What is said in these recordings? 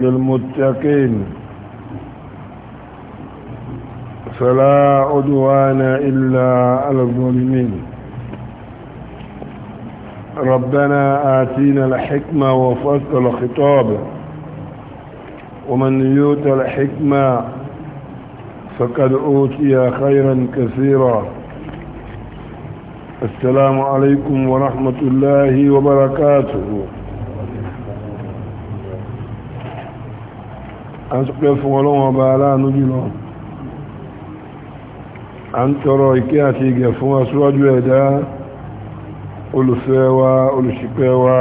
للمتقين فلا عدوان إلا على الظالمين ربنا آتينا الحكمة وفصل الخطاب ومن يوت الحكمة فقد أوتي خيرا كثيرا السلام عليكم ورحمة الله وبركاته a ń sọpẹ́ fún ọlọ́wọ́n bá aláàánú jùlọ a ń tọrọ ìkẹ́ àti ìgẹ̀ fún aṣíwájú ẹ̀dá olùfẹ́ wa olùṣìpẹ̀ wa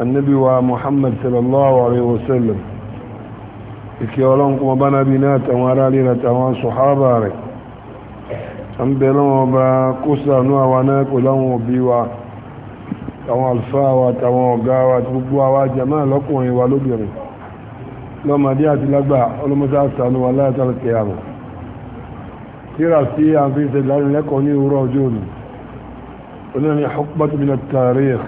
annabi wa muhammad sallallahu alaihi wasallam ìkẹ́ ọlọ́run kuma bá nábi náà tàwọn ará lè tàwọn sọ̀hábà rẹ̀ an bẹ̀ lọ́wọ́n bá kó sànú àwa náà láwọn òbí wa tàwọn alfáà wa tàwọn ọ̀gá wa gbogbo àwa jàmáà lọ́kùnrin wa lóbìnrin lọ́mọdé àti lágbà ọlọ́mọdé àtàánú wa láyàtàlù kẹyàmù tíra sí àfihàn ìlànà lẹ́kọ̀ọ́ ní òwúrọ̀ ọjọ́ òní onírin hukbatu min at-tarikh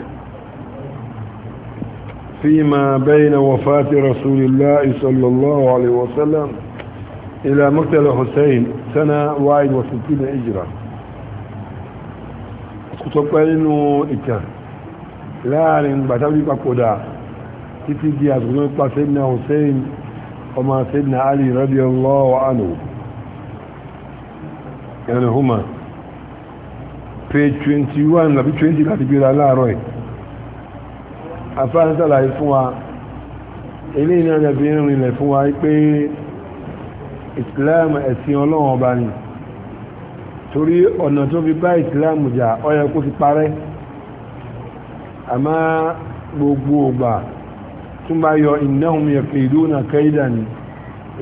fima bayna wafati rasulillahi sallallahu alaihi wasallam ila maqtal hussein sana wáyé wa sittina hijra kùtọ̀pẹ́ títí di àgbẹ̀mọ́ ipa sẹ́dìnà hussein ọmọ sẹ́dìnà ali radiyallahu anhu ẹnu huma page 21 lábí 20 láti gbéra láàárọ̀ ẹ̀ afáàrín sàlàyé fún wa ilé iná ẹ̀bí rìnlẹ̀ fún wa pé islam ẹ̀sìn ọlọ́run ọba ni torí ọ̀nà tó fi bá islam jà ó kó fi parẹ́ àmọ́ gbogbo ògbà tún bá yọ innahum yakiduna kaidan ni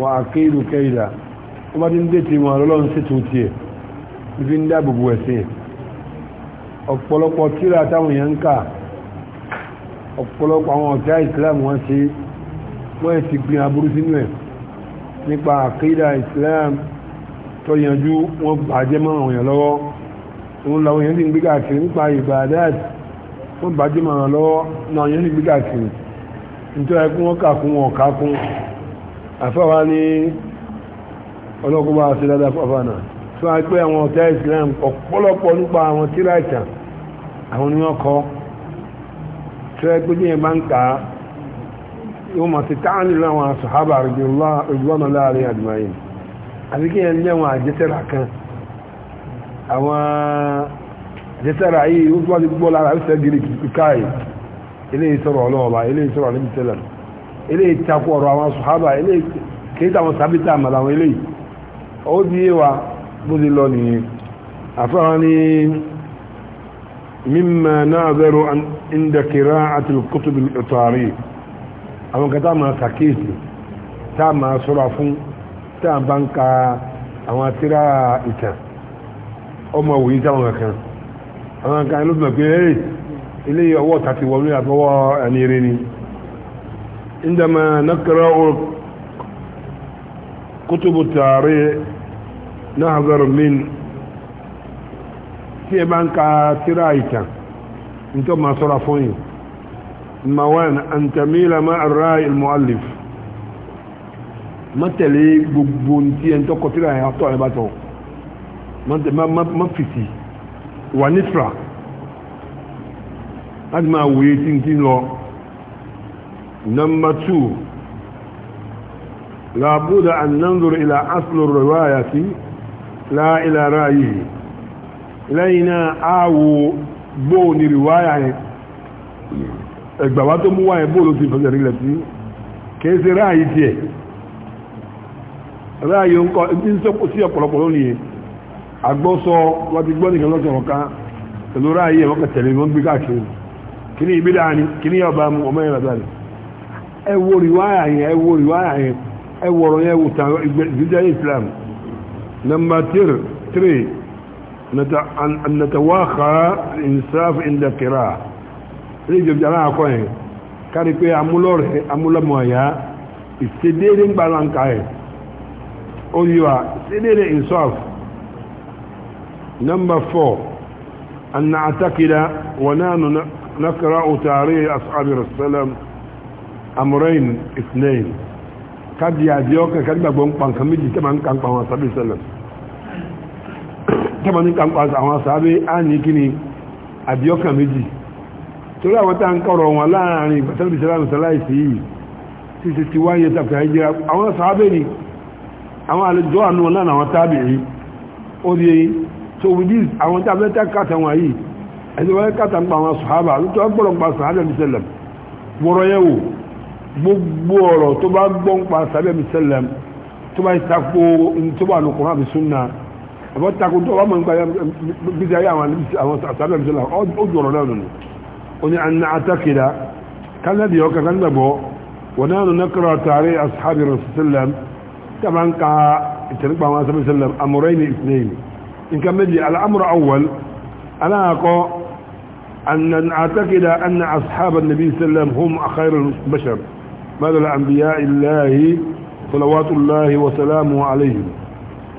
wa akidu kaida wọ́n bá ti ń dètè wọn lọ́lọ́run sí tó tiẹ̀ ibi ń dáàbòbò ẹ̀sìn ọ̀pọ̀lọpọ̀ tíra táwọn èèyàn ń kà ọ̀pọ̀lọpọ̀ àwọn ọ̀tá islam wọ́n ṣe wọ́n ti gbin aburú sínú ẹ̀ nípa àkídà islam tó yanjú wọ́n bàjẹ́ mọ́ àwọn èèyàn lọ́wọ́ òun làwọn èèyàn ti ń gbé káàkiri nípa ìbàdàt wọ́n bàjẹ́ mọ́ àwọn lọ́wọ́ náà èèyàn ti ń gbé káàkiri nítorí ẹkún wọn kà wọn kà kún ní àti tí wọ́n pé àwọn Islam ọ̀pọ̀lọpọ̀ nípa àwọn tíra ìtàn àwọn ni wọ́n kọ́ tí wọ́n pé bá ń kà yóò àwọn láàrin àdìmáyìn àti kí ẹn lẹ́wọ̀n kan àwọn yìí ó tó wá ti eléyìí sọ̀rọ̀ ọlọ́ọ̀ba eléyìí sọ̀rọ̀ alẹ́ bìtẹ́lẹ̀ eléyìí takò ọ̀rọ̀ àwọn sùhábà eléyìí kìí tàwọn sábìtà àmàlà àwọn eléyìí ó di yé wa bó ti lọ ni mímọ náà bẹ̀rù ndẹ̀kìrá àti kótóbi àwọn a máa kàkéèsì tá a máa sọ̀rọ̀ fún tá a bá ń ka àwọn tíra ìtàn ọmọ òwúyí táwọn kan àwọn ló fi mọ̀ إليه هو تحتي ومنها فهو يعني ريني عندما نقرأ كتب التاريخ نحذر من tí ẹ bá ń ka tíra ìtàn nítorí ma sọ́ra fún yìí mawan antamila ma ara ilmu'allif ma tẹ̀lé gbogbo tí ẹ ń tọ́kọ tíra ẹ̀ àtọ́ ẹ̀ bá tọ̀ ma fìsì wà nífra láti máa wòye tí n tí lọ number two làbúdà ànàndòrò ìlà asìlò rẹwà àyàtí láìlà ráyè lẹ́yìn náà àwò gbóò ní rìwáyà yẹn ẹgbàwá tó mú wáyé bóòlù ti fẹsẹ̀ rí lẹ́tí kìí ṣe ráyè tiẹ̀ ráyè ń kọ́ ní sọ́kù sí ọ̀pọ̀lọpọ̀ lónìí àgbọ́sọ wọ́n ti gbọ́ nìkan lọ́sẹ̀ ọ̀kan pẹ̀lú ráyè wọ́n kẹtẹ̀lé wọ́n gbé káàkiri kí ní ìbílẹ̀ àní kí ní ọba mú ọmọ ìrẹ̀bà rẹ̀ ẹwọ ríwáyà yẹn ẹwọ ríwáyà yẹn ẹwọ̀rọ̀ yẹn wò tàn ìgbẹ̀jẹ̀ islam nọmba 3 nàtàwákà ìsáf ìdàkìrà ilé ìjọba náà kọ́ yẹn kárí pé amúlọ́rẹ̀ amúlọ́mọ̀ọ́yá ìṣedéédé ń gbàlánkà yẹn ó yíwa ìṣedéédé نقرأ تاريخ أصحاب السلام أمرين اثنين قد يديوك كان بقوم بانكمجي كمان كان بقوم أصحاب السلام كمان كان بقوم أصحاب آني كني أديوك مجي torí àwọn tá ń kọ̀rọ̀ wọn láàrin ìgbàtẹ́lẹ̀bí sẹ́láàmù sẹ́láìsì yìí tí ti ti wáyé tàbí àìjíra àwọn sàábẹ̀ ni àwọn àlejò àánú wọn láàrin àwọn tábìrì ó di tó wùdí àwọn tábẹ́tà kàtàwọn yìí ẹni wọ́n kàtà ń pa àwọn sàhábà lótú agbọ́rọ̀ ń pa sàhábà mi sẹ́lẹ̀ wọ́rọ̀ yẹ wò gbogbo ọ̀rọ̀ tó bá gbọ́ ń pa sàhábà mi sẹ́lẹ̀ tó bá ìtakò tó bá lùkùnrin àbí súnà àbọ̀ takò tó bá mọ̀ nípa gbèsè ayé àwọn sàhábà mi sẹ́lẹ̀ ó jọ̀rọ̀ náà nù ó ní àná àtàkìlá kánádì ọkà kánádàbọ̀ wọ́n àwọn aláàkọ́ أن نعتقد أن أصحاب النبي صلى الله عليه وسلم هم خير البشر بدل الأنبياء الله صلوات الله وسلامه عليهم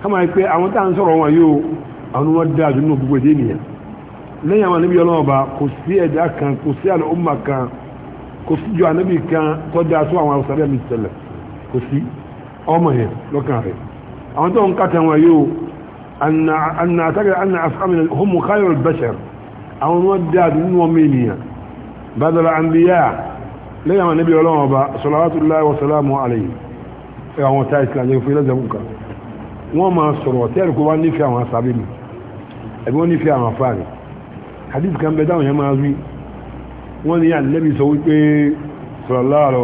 كما يقول أن تنصرهم أيو أن نودع جنوب ودينيا لن يما نبي الله با قسية دا كان الأمة كان جوا النبي كان قد أسوأ وعلى صلى الله عليه وسلم قسية أمه هي لو كان هي أن تنقتهم أيو أن نعتقد أن أصحاب هم خير البشر àwọn wọn dáadù nínú ọmọ ènìyàn bádọ́lá àmbíyà lẹ́yìn àwọn níbi ọlọ́wọ́n ọba salawatullahi wa salamu alayhi ẹ àwọn ọ̀tá islam yẹn fún ilẹ̀ jẹun kan wọ́n máa sọ̀rọ̀ tẹ́rì kó wá nífẹ̀ẹ́ àwọn asábẹ́ mi ẹ̀bí wọ́n nífẹ̀ẹ́ àwọn afáàrí hadith kan bẹ dáhùn yẹn máa wí wọ́n ní ànábì sọ wípé sallallahu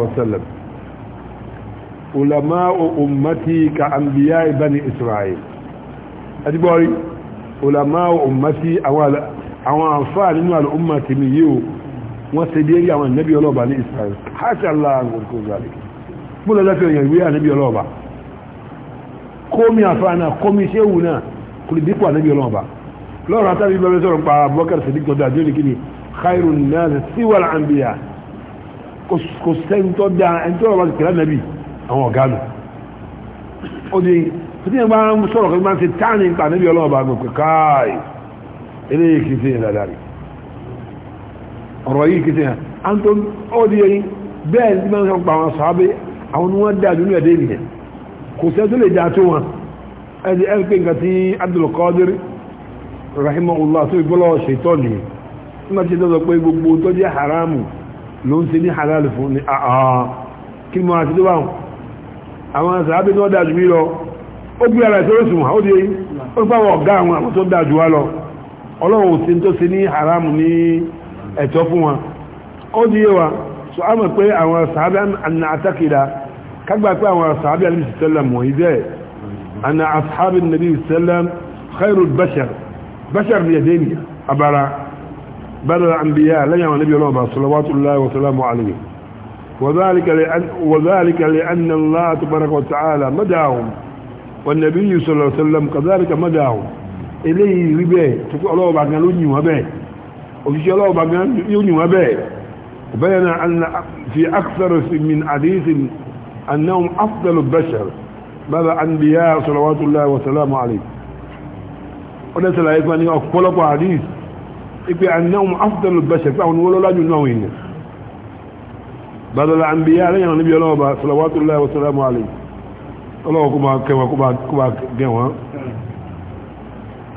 àwọn àǹfà nínú al'umma ti mi yíò wọ́n ṣe déérí àwọn ìnẹ́bí ọlọ́ọ̀bá ní israel hajj allah gbogbo zari mú lọ lọ́fẹ́ òyìn ìwé ànẹ́bí ọlọ́ọ̀bá kómi àǹfà náà kómi ṣéwù náà kò lè dípò ànẹ́bí ọlọ́ọ̀bá lọ́rọ̀ àtàbí bẹ́ẹ̀ sọ̀rọ̀ pa abubakar sadiq tọ́jú àjọ ní kíni khairun nas siwal anbiya kò sẹ́ńtọ́ da ẹ̀ńtọ́ ọ̀rọ̀ ti kẹlẹ́ eléyìí kìí sí ìrìn àdáre ọ̀rọ̀ yìí kìí sí ìrìn àdáre ya di ẹyin bẹ́ẹ̀ ní mẹ́rin sọ́pọ̀ àwọn sàábé àwọn ni wọ́n dáa jùlọ ẹ̀dẹ́ ẹ dị nǹkan tí Abdul Qadir rahimahullah tó ìgbọ́lọ̀ ṣètọ́ ó gbé ara ó ó fáwọn ọ̀gá àwọn àwọn tó wá lọ ọlọ́run ò sí tó sí ní haram ní ẹ̀tọ́ fún wọn ó di yíwa so a mọ̀ pé àwọn sàábí àna àtàkìdá kágbà pé àwọn sàábí àlè sẹ́lẹ̀m wọ̀ ìdẹ́ àna àsàábí nàbí sẹ́lẹ̀m khairu bashar bashar ni ẹ̀dẹ́ ènìyàn abara bára àmbíyà lẹ́yìn àwọn nàbí وذلك لأن, وذلك لأن الله تبارك وتعالى مداهم والنبي صلى الله عليه وسلم كذلك مداهم eléyìí rí bẹ́ẹ̀ tó pé ọlọ́wọ́ bá gan ló yìn wọ́n bẹ́ẹ̀ òṣìṣẹ́ ọlọ́wọ́ bá gan ló yìn wọ́n bẹ́ẹ̀ bẹ́ẹ̀ na anna fi akthar min hadithin annahum afdalu bashar bàbá anbiya salawatullahi wa salamu alayhi ó dẹ́ sọ̀rọ̀ ayé fún ẹni ọ̀pọ̀lọpọ̀ hadith ipe annahum afdalu bashar pé àwọn olólọ́jú náà wìn bàbá anbiya lẹ́yìn àwọn níbi ọlọ́wọ́ bá salawatullahi wa salamu ọlọ́wọ́ kó bá kẹwọn kó bá gẹwọn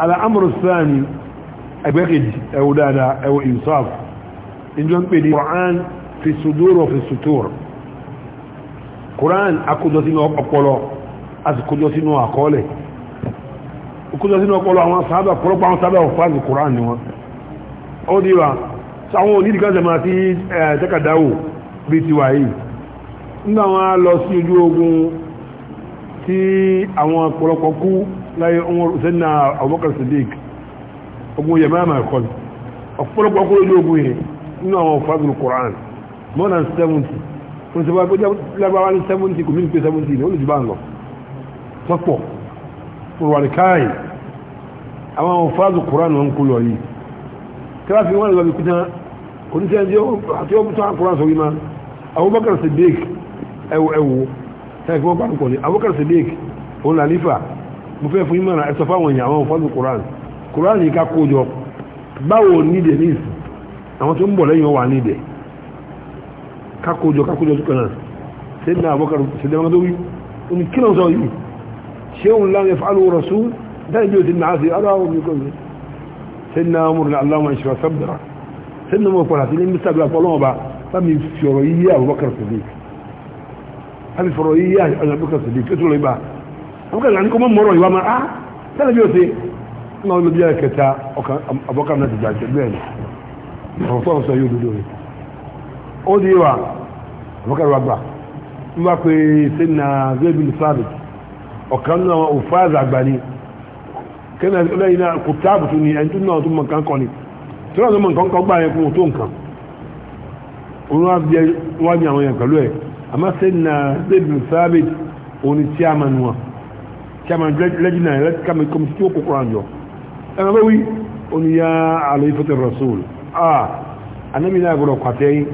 al'amuru sani ẹgbẹ́kejì ẹwọ dáadáa ẹwọ insaf injọ ń pè ní Qur'an fi sudúrò fi sutur Qur'an akójọ sínú ọpọlọ àti kójọ sínú àkọọ́lẹ̀ kójọ sínú ọpọlọ àwọn sábà pọ̀lọpọ̀ àwọn sábà ọ̀fà ní Qur'an ni wọn ó di wa sáwọn onídìí kan sẹ̀mọ̀ àti ẹ̀ẹ́dẹ́kàdáwò bí ti wà yìí nígbà wọn lọ sí ojú ogun tí àwọn ọ̀pọ̀lọpọ̀ kú láyé umar usaina abubakar sadiq ogun yamama kọ́ ọ̀pọ̀lọpọ̀ ọkọ̀ ojú ogun yẹn nínú àwọn fásitì quran more than seventy fún ìṣẹ́fà pé lábáwá ní seventy kò mílíọ̀nù pé seventy ni ó lè jù bá ń lọ sọ́pọ̀ fún wàlí káyì àwọn àwọn fásitì quran wọn kú lọ yìí kíláàsì wọn lọ bí kúta kò ní sẹ́yìn àti ó tún àkùrán sọ yìí má abubakar sadiq ẹwọ ẹwọ sẹ́yìn kí wọ́n bá ń abubakar sadiq òun làlífà mo fẹ́ fún ìmọ̀ràn ẹ̀sọ́ fáwọn èèyàn àwọn òfọ́lù koran koran yìí ká kójọ báwo nídẹ̀ ní ìsìn àwọn tó ń bọ̀ lẹ́yìn wà nídẹ̀ ká kójọ ká kójọ tukọ̀ náà sẹ́dínà àbọ́kà sẹ́dínà wọn tó wí omi kí ló ń sọ yìí ṣé òun láwọn ẹ̀fọ́ alówó rọ̀ sún dáì bí o ti nà á sí ara mi kọ́ mi sẹ́dínà amúrùn aláwọ̀ ìṣòro sábìdàrà sẹ́dínà wọn padà sí ní mr black ọkọ̀ ìlànà kọ́ mọ́ mọ́rọ̀ ìwà máa ah tẹ́lẹ̀ bí ó ṣe ń lọ bí ẹ̀kẹta ọkàn abọ́kàn náà ti jà jẹ́ bẹ́ẹ̀ ni ọ̀rọ̀ tó ń sọ yóò dúdú rẹ̀ ó di wa abọ́kàn wa gbà ń bá pé ṣe na zebi sáàbì ọ̀kan náà ò fáàzà àgbà ni kẹ́nà lẹ́yìn náà kò táàbù tún ni ẹni tó náà tó mọ nǹkan kọ́ ni tí wọ́n tó mọ nǹkan kọ́ gbà yẹn kó tó nǹkan òun wá bí wọ́n á bí àwọn yẹn pẹ̀lú ẹ̀ àmọ́ ṣe na zebi sáàbì òun ni chairman wọn kama lẹ́jìnà rẹ̀ kama kọmí tí ó kó kọ́ra jọ ẹ̀rọ bẹ́ wí oníyà àlọ́ rasul ah anábì náà gbọ́dọ̀ pàtẹ́ yìí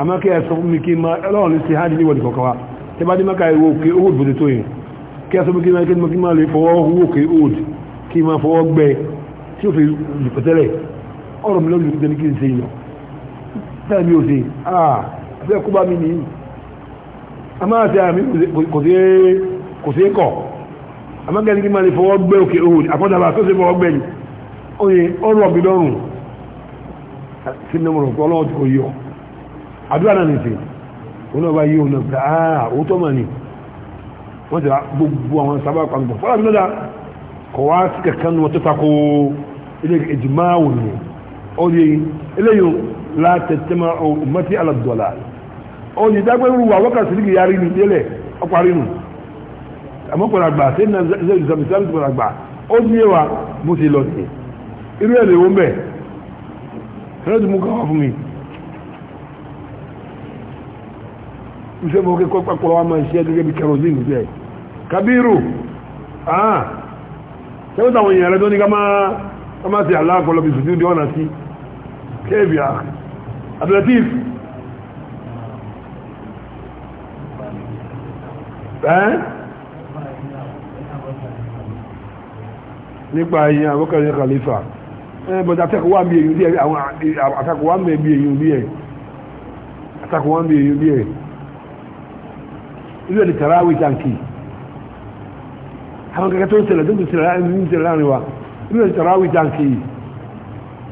àmọ́ kí ẹ sọ fún mi kí ma ẹlọ́run sí hajj ní ìwọ̀dì kọ̀ọ̀kan wa tí bá dé mẹ́ka ìwò òkè òhùd bó ti tó yìí kí ẹ sọ fún kí ma lè fọwọ́ hu òkè òhùd kí ma fọwọ́ gbẹ tí ó fi lùpẹ̀tẹ́lẹ̀ ọ̀rọ̀ mi lọ́ọ́ lùpẹ̀tẹ́ ní kí n ṣe yàn ah bẹ́ẹ̀ kó bá mi nìyí àmọ́ àti àmì àmọ́gẹ́ni kí máa lè fọwọ́ gbẹ́ òkè òhùn àfọ́dàbà tó ṣe fọwọ́ gbẹ́ni oye ọrọ̀ bí lọ́rùn sí mẹ́mọ̀rọ̀ pọ̀ ọlọ́wọ́ tí ó yọ àdúrà náà nìsí wọn náà bá yí òun náà pé àà òótọ́ mà ní wọ́n ti wá gbogbo àwọn sábà pàmò fọ́lá mi lọ́dà kọ̀ wá sí kẹ̀kẹ́ nu wọn tó takò ilé ìjìmá wò ní oye eléyìí láti tẹ́mọ̀ ọmọ tí alàdọ̀là oye dágbẹ́rù wà wọ́kà sídìkì yarí ní àmọ́ pẹ̀lú àgbà sí ní ṣẹ́yìn sọmi sọmi pẹ̀lú àgbà ó ní ẹwà mo ti lọ sí irú ẹ̀ lèwọ́ mbẹ̀ ẹ̀rọ ti mú káwá fún mi iṣẹ́ mọ́ kíkọ́ pàpọ̀ wa máa ṣiṣẹ́ gẹ́gẹ́ bí kerosene ṣe kabiru ah ṣẹ́wọ́n táwọn èèyàn rẹ̀ tó ní ká máa ká máa ṣe aláàkọlọ bí sùdíù ọ̀nà sí kéèbì ah, abdulatif ẹ́ nípa ayé abọ́kẹ́rẹ́ khalifa ẹ bọ́dá atẹ́kọ̀ọ́ wà bí èyí bí ẹ àwọn atẹ́kọ̀ọ́ wà mẹ́ bí èyí bí ẹ atẹ́kọ̀ọ́ wà mẹ́ èyí bí ẹ ilé ẹ̀dì tàràwì jàǹkì àwọn kẹ́kẹ́ tó ń ṣẹlẹ̀ tó ń ṣẹlẹ̀ láàrin ní ṣẹlẹ̀ láàrin wa ilé ẹ̀dì tàràwì jàǹkì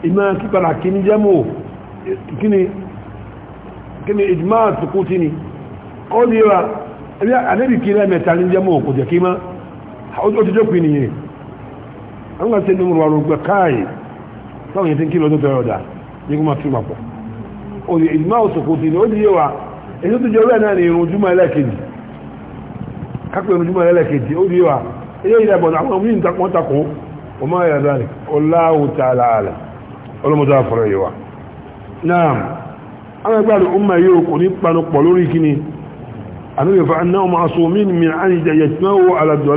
ìmọ̀ kíkọ̀rà kíní jẹ́mọ̀ kíní kíní ìjùmọ̀ àtùkú tí ni ó lè wa ẹ̀dì àdébìkí lẹ́mẹ̀ta ní jẹ́mọ̀ kò jẹ́ kí mọ́ ó ti jókòó nìyẹn àwọn àti ẹni mọ̀rọ̀ àrùn gbẹ káàyè táwọn yẹn ti ń kí lọ́dún ọdụ ọ̀dà ní kó máa fi papọ̀ òní ìdùnnú àwòsàn kò sí ni ó di yé wa èyí tó jẹ́ ọ̀rẹ́ náà ni irun júmọ̀ ẹlẹ́ẹ̀kejì kápẹ́ irun ẹlẹ́ẹ̀kejì ó di yé wa náà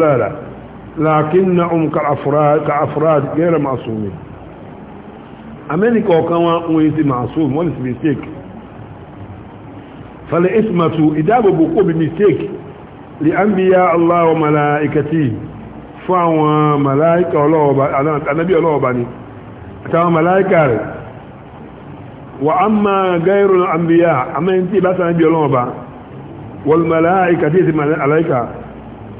àwọn lakinnahum ka'afrad ka'afrad ghayr ma'sumin amẹ́ríkà ọ̀kan wọn wọ́n yìí ti ma'sum wọ́n lè ti mistake fàlẹ̀ ismatu ìdáàbòbò kò bí mistake li anbiya Allah wa malaikati fún àwọn malaika ọlọ́ọ̀bá anábí ọlọ́ọ̀bá ni àtàwọn malaika rẹ̀ wa amma ghayru anbiya amẹ́ntí ìbásanábí ọlọ́ọ̀bá wal malaikati ti malaika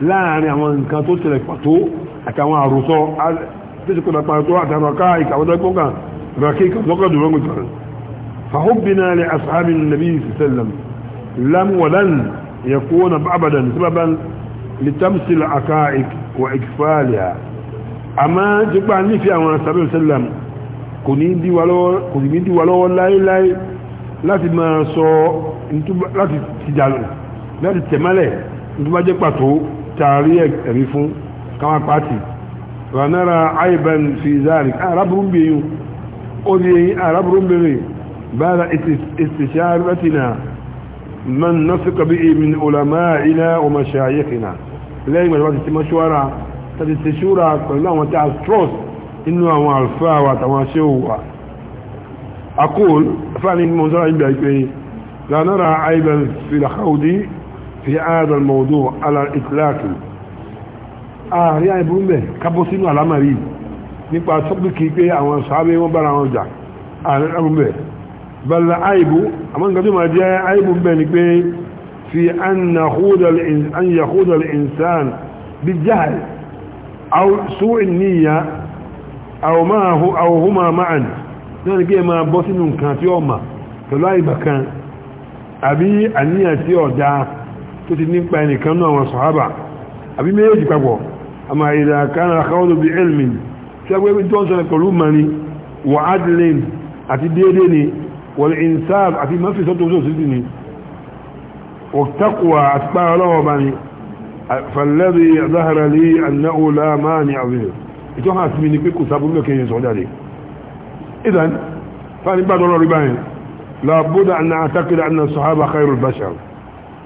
láàrin àwọn nǹkan tó tẹ̀lẹ̀ pàtó àtàwọn àrùsọ tẹ́sìkọ̀dà pàtó àtàwọn ká ìkàwọ́dọ́gbọ́n ركيك وقد ومتعن فحبنا لأصحاب النبي صلى الله عليه وسلم لم ولن يكون أبدا سببا لتمثل عقائك وإكفالها أما جبع النفي عن صلى الله عليه وسلم كنيدي ولو كنيدي ولو لا لا لا تما سو انتم لا تجعلوا لا تتمالي انتم جبعتوا taari ẹ̀rí fún káwọn pàtì ranara aiban fi zari ah, araburu ń bèyí ó di yẹn ah, araburu ń bèyí bára istisharatina man nasuka bi min ulama'ina wa mashayikhina lẹ́yìn ìgbàjọba ti ti mọ́ṣúwárà tàbí ti ṣúra pẹ̀lú àwọn tí a trust inú àwọn àlùfáà wa àtàwọn aṣẹ́wò wa akóòl fáàní mọ́ṣúwárà ìgbà ìpé ranara aiban fi làkàwùdí في هذا الموضوع على الإطلاق ààrin ah, àìbúrú mẹ́ kábọ́ sínú àlámàrí nípa tọ́bíkì pé àwọn sàábé wọ́n bára wọn jà ààrin àìbúrú mẹ́ bala àìbú àwọn nǹkan tó máa jẹ́ àìbú mẹ́ ni pé fi an yàkódàl insan bí jáàl sóìn níyà àwòhúnmá máàn náà ni pé máa bọ́ sínú nǹkan tí ó mà pẹ̀lú àìbà kan àbí àníyàn tí ó dáa tó ti nípa ẹnìkan náà àwọn sọ̀hábà àbí méjèèjì papọ̀ àmà ìdá kan àkáwọ́dù bí elmin tí a gbé tó ń sọ̀rọ̀ pẹ̀lú mani wà adlin àti déédé ni wal insab àti mafi sí mi ni pé kò sábú àna àtàkìlà àna sọ̀hábà khairul bashar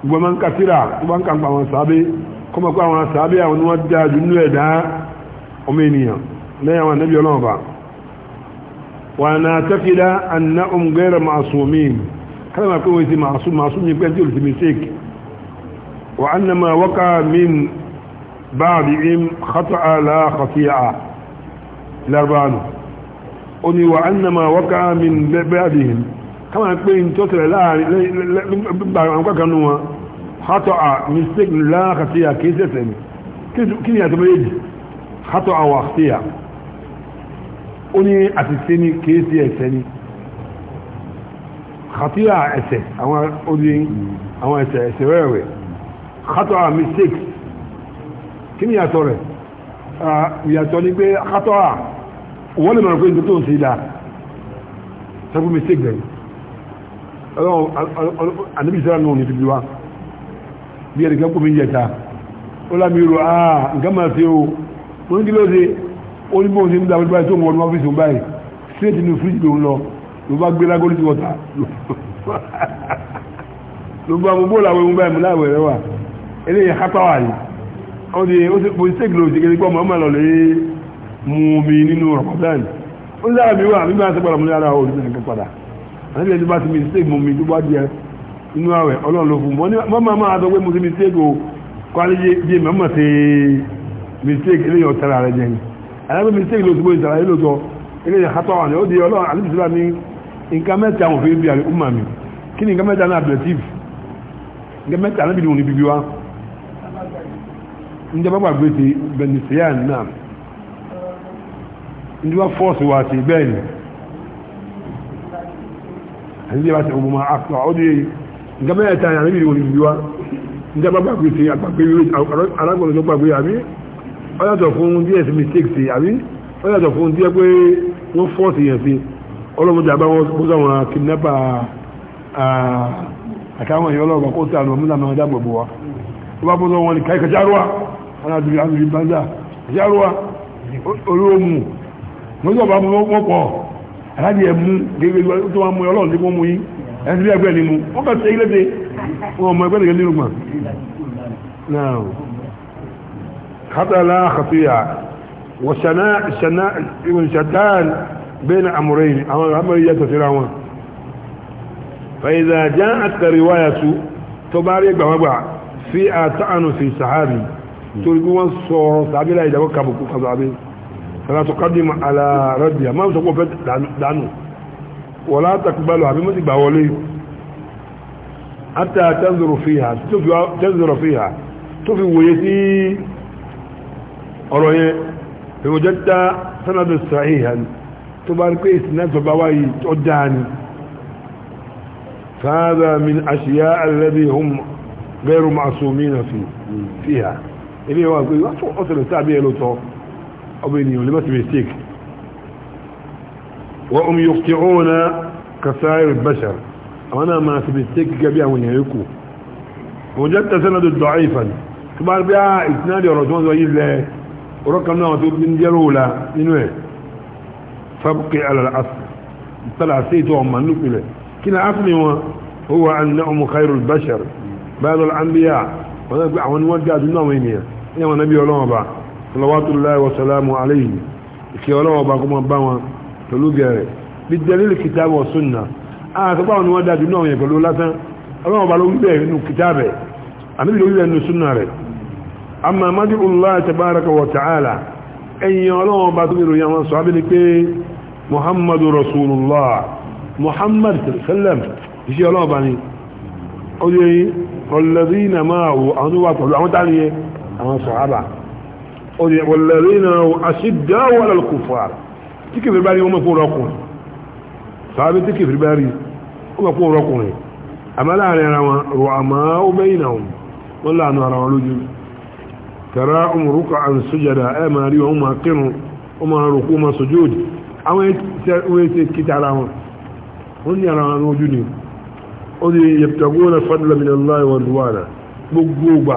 gbogbo ma ń ka síra tó bá ń ka ń pa àwọn sàábé kó mọ̀ pé àwọn sàábé àwọn ni wọ́n dáa jù nínú ẹ̀dá ọmọ ènìyàn lẹ́yìn àwọn anábì ọlọ́run ọba wà á náà tẹ́kìdá àná òmùgẹ́rẹ̀ màsùmíìn kálí máa pé wọ́n ti màsùm màsùm ní pẹ́ntì olùsí mistake wà á nà máa wọ́ká báàbí im xatọ́ àlà xatiya larbanu ó ní wà á nà máa wọ́ká min bẹ́ẹ̀ kama pé n tó tẹ̀lẹ̀ láàrin àwọn kankanú wọn hátọ́ à mistake láàkàtíyà kìí sẹ̀sẹ̀ mi kí ni àti méjì hátọ́ àwọ̀ àkàtíyà ó ní àti sí ní kìí sí ẹ̀sẹ̀ ni àkàtíyà ẹ̀sẹ̀ àwọn orílẹ̀ àwọn ẹ̀sẹ̀ ẹ̀sẹ̀ rẹ̀rẹ̀ hátọ́ à mistake kí ni yàtọ̀ rẹ̀ yàtọ̀ ni pé hátọ́ à wọ́n lè mọ̀ pé n tó tó ń sí dáa sẹ́kù mistake rẹ̀ ànábì ìsára náà ní fífi wá bí ẹnìkan kò mí yẹta ó lámìírò àà nǹkan máa ṣe o mo ní kí ló ṣe ó ní bóun ṣe ń dáwọ́ báyìí tó ń wọ́n ní ọ́fíìsì òun báyìí sílẹ̀ tí ní fíríjì lòun lọ ló bá gbé lágọ́lì tí wọ́ta ló bá mú bóòlù àwọn ohun báyìí mú láàwẹ̀ rẹ wà eléyìí hápáwà ni wọ́n ti ó sì pò sí ṣègìlò òṣèkèrè pọ̀ mọ́ lọ́lẹ́ mú mi nínú Ramadan ó ní sára mi wà mi máa ń sẹ́pàdà mú ní ara òun ní àti ẹni bá ti mistake mọ̀ mi tó bá jẹ inú ààrẹ ọlọ́run ló fún mọ́ ní mọ́mọ́ máa sọ pé mo ti mistake o kwalé jẹ mọ́mọ́ ti mistake eléyìí ọ̀tara rẹ jẹ alábẹ́ mistake ló ti bóyá ìtara eléyìí lóòótọ́ eléyìí àkátọ́ àwọn ó di ọlọ́run àti ìṣúra ní nǹkan mẹ́ta àwọn òfin bí i ọmọ mi kí ni nǹkan mẹ́ta náà ablative nǹkan mẹ́ta alábìnrin òní bíbí wa ń jẹ́ bá gbàgbé ti bẹ̀nìsíyà náà ń jẹ́ bá fọ́ọ̀sì wa ti bẹ́ẹ̀ ni àti ìjọba ti ọmọ àfọ ọdún yìí nǹkan mẹ́rin ta àyàrí ìwò ìlú wa níjọba gbàgbé ti àgbàgbé alágbọ̀nà tó gbàgbé àbí ọyàtọ̀ fún díẹ̀ sí mistake sí àbí ọyàtọ̀ fún díẹ̀ pé wọ́n fọ́ọ̀sì yẹn sí ọlọ́mọdé àbá wọn kó sáwọn kidnapper àtàwọn èèyàn ọlọ́ọ̀gbà kó sí àlọ́ múlànà ọjà gbogbo wa tó bá bọ́sọ̀ wọn ni káyíkà járúwà aládùúgbò banza járúwà olóòmù mọ́sọ̀ bá mọ́ alábi ẹ̀mú gẹ́gẹ́ tó wá mú ọlọ́run tí wọ́n mú yí ẹ̀sìn bí ẹgbẹ́ ni mú wọ́n kà sí ilé de wọn ọmọ ẹgbẹ́ nìkan nínú gbọ̀n. kátàlá àkàtúyà wọ́n ṣàdáàn bẹ́ẹ̀ ni àmúrẹ́yìn àwọn àmúrẹ́yìn yàtọ̀ síra wọn. فإذا جاءت الرواية تبارك بمبع في آتعن في صحابي تلقوا الصور صحابي لا يدوك أبوك صحابي فلا تقدم على ردها ما تقول فات دعنو ولا تقبلها بما تقبع ولي حتى تنظر فيها تنظر فيها تفي ويتي أروي فوجدت سند صحيحا تبارك إسناد فبواي تعداني فهذا من أشياء الذي هم غير معصومين فيه فيها إليه هو يقول أصل التعبير له ọmọ ènìyàn lè mọ́sí mistake wọ́n um yuqti'una kasa'ir al-bashar àwọn náà máa fi mistake gẹ́gẹ́ bí àwọn èèyàn yòókù wọ́n jẹ́ tẹ̀sán náà da'ifan tó bá bí ìtìnáàdì ọ̀rọ̀ tó wọ́n sọ yìí lẹ ọ̀rọ̀ kan náà tó bí ń jẹ́rò la nínú ẹ̀ fabqi ala al-asl tala salawatullahi wa salamu alayhi ìkẹ́ ọlọ́wọ́ bá kọmọ bá wọn pẹ̀lú gẹ̀rẹ̀ bí dalil kitabu wa sunna àtọ́pá wọn ni wọ́n dájú náà yẹn pẹ̀lú lásán ọlọ́wọ́ bá ló wí bẹ́ẹ̀ ما kitaabẹ̀ àmì ló wí bẹ́ẹ̀ nínú sunna rẹ̀ amma mad'ullahi tabaraka wa ta'ala ẹ̀yìn ọlọ́wọ́ bá tó bẹ̀rù yẹn wọn sọ abẹ́ni pé muhammadu rasulullah oni wàlẹ́rìnà àṣìdá wà lálùkù fàr tí kìfìrí bá rí wọ́n mọ̀ fún ọkùnrin sàábí tí kìfìrí bá rí wọ́n mọ̀ fún ọkùnrin àmà láàrin ara wọn rọ àmà ó bẹ́yìn àwọn wọ́n láàánú ara wọn lójú tara ọmọrúkọ àn sójàdà ẹ máa rí wọn máa kírun wọn máa rò kó máa sojú òdì àwọn ẹsẹ ara wọn wọn ní ara wọn lójú ni ó di yẹpẹtàgbọ́n fadlamínà láì wọn dùwárà gbogbo gbà